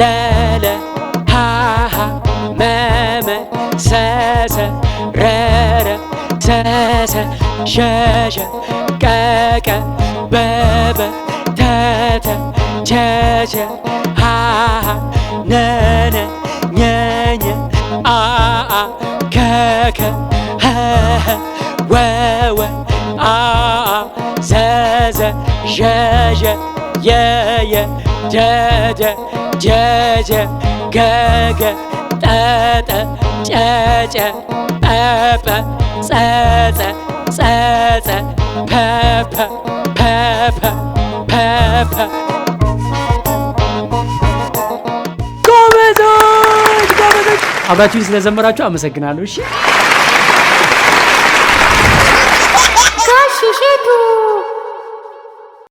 ለለ ሃሃ መመ ሰሰ ረረ ሰሰ ሸሸ ቀቀ በበ ተተ ቸቸ ሃሃ ነነ ኘኘ አአ ከከ ሀሀ ወወ አአ ዘዘ ዠዠ ye ye ce ce ce ce ge ge te te ce ce pe pe se se se se pe pe pe pe pe pe ጎበዞች ጎበዞች አብራችሁን ስለዘመራችሁ አመሰግናለሁ እሺ ጋሽ እሸቱ